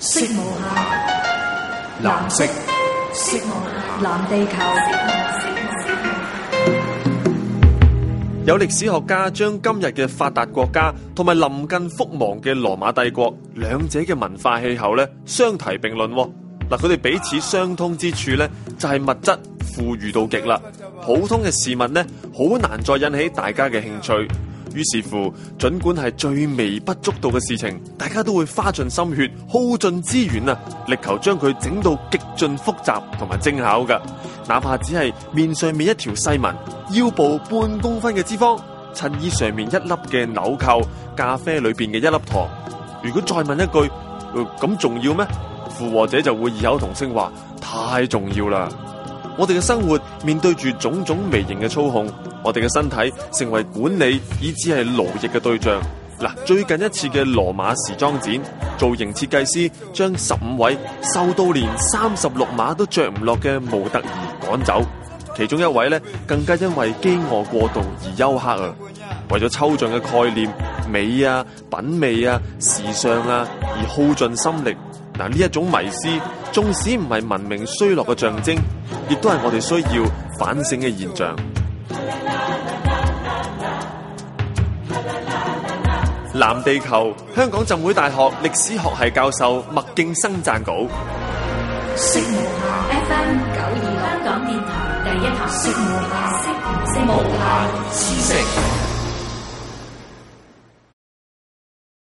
色無瑕，藍色。色無瑕，藍地球。有歷史學家將今日嘅發達國家同埋臨近覆亡嘅羅馬帝國，兩者嘅文化氣候咧相提並論。嗱，佢哋彼此相通之處咧，就係物質富裕到極啦，普通嘅事物咧，好難再引起大家嘅興趣。於是乎，盡管係最微不足道嘅事情，大家都會花盡心血、耗盡資源啊，力求將佢整到極盡複雜同埋精巧㗎。哪怕只係面上面一條細紋、腰部半公分嘅脂肪、襯衣上面一粒嘅紐扣、咖啡裏邊嘅一粒糖。如果再問一句，咁、呃、重要咩？附和者就會異口同聲話：太重要啦！我哋嘅生活面對住種種微型嘅操控，我哋嘅身體成為管理以至係奴役嘅對象。嗱，最近一次嘅羅馬時裝展，造型設計師將十五位瘦到連三十六碼都着唔落嘅模特兒趕走，其中一位呢更加因為飢餓過度而休克啊！為咗抽象嘅概念，美啊，品味啊，時尚啊而耗盡心力。嗱，呢一種迷思，縱使唔係文明衰落嘅象徵，亦都係我哋需要反省嘅現象。藍地球，香港浸會大學歷史學系教授麥勁生撰稿。